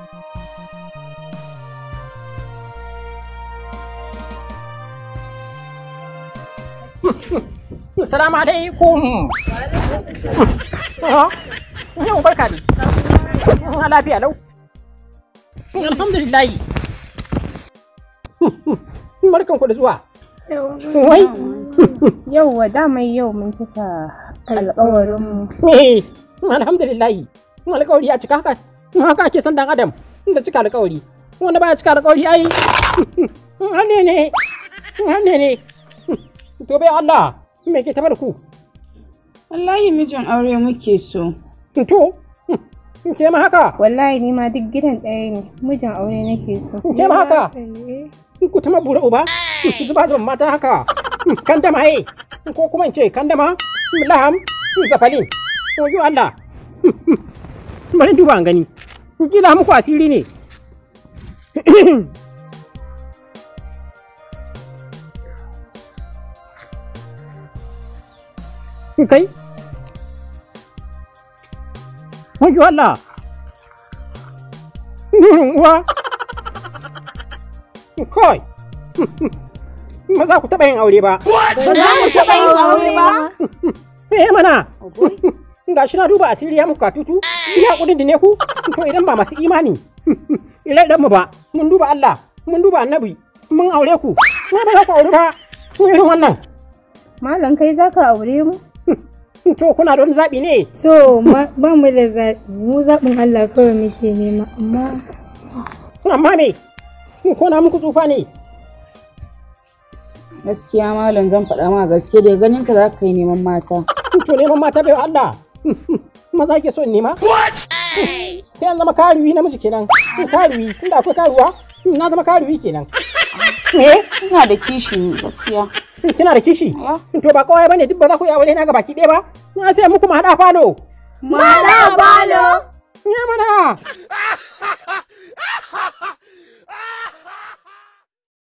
Assalamu alaikum. Ah, yau barka ne. Lafiya lau. Alhamdulillah. Barkan ku da zuwa. Wai. Yau wa da mai yau mun cika alƙawarin mu. Eh, alhamdulillah. Alƙawari a cika haka. haka ake son dan adam da cika alƙawari wanda baya cika alƙawari ai wanne ne wanne ne to bai Allah me ke tabar ku wallahi mijin aure muke so to ke ma haka wallahi ni ma duk gidan ɗaya ne mijin aure nake so ke ma haka ku ta mabura uba zuba zuban mata haka kan dama eh ko kuma in ce kan dama laham zafalin ojo Allah bari duba an gani gina muku asiri ne kai wajen Allah nurin uwa kawai ba za ku taɓa yin aure ba ba za ku taɓa yin aure ba eh mana ga shi na duba asiri ya muka katutu iya kudin da ne ku to idan ba masu imani Idan mu ba mun duba Allah mun duba annabi mun aure ku na ba za ku aure ba ku irin wannan malam kai za ka aure mu to kuna don zaɓi ne to ba mu da zabi mu zaɓin Allah kawai muke nema amma amma me ko na muku tsufa ne gaskiya malam zan faɗa ma gaske da ganin ka za ka yi neman mata to neman mata bai Allah maza ke so in nema sai an zama karuwi namiji kenan karuwi da akwai karuwa hmm, na zama karuwi kenan Me? ina da kishi ne gaskiya hmm, kina da kishi hmm, to ba kawai bane duk ba za ku yi aure na ga baki ɗaya ba na sai muku mu hada falo ma falo ya mana